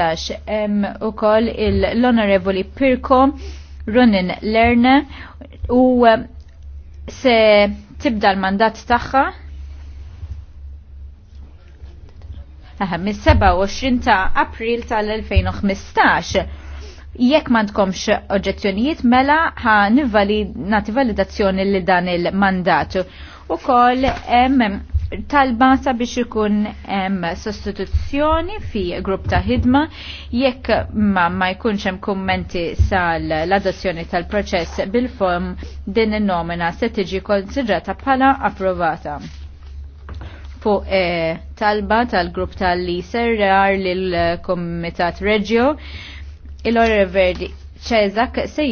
2015 u ukoll l-Onorevoli Pirko Ronin Lerne u eh, se tibda l-mandat tagħha mis-27 ta' April tal-2015 jekk tkomx oġġezzjonijiet mela ħa nivali nati validazzjoni li dan il-mandat. U koll hemm talba sabiex ikun hemm sostituzzjoni fi grupp ta' ħidma jekk ma, ma jkunx hemm kummenti sal-adozzjoni l tal-proċess bil-form din in-nomina se tiġi konsidrata bħala approvata. Fuq eh, talba tal-grupp tal-liser għar lill-Komitat Reġio il Verdi Ċezak se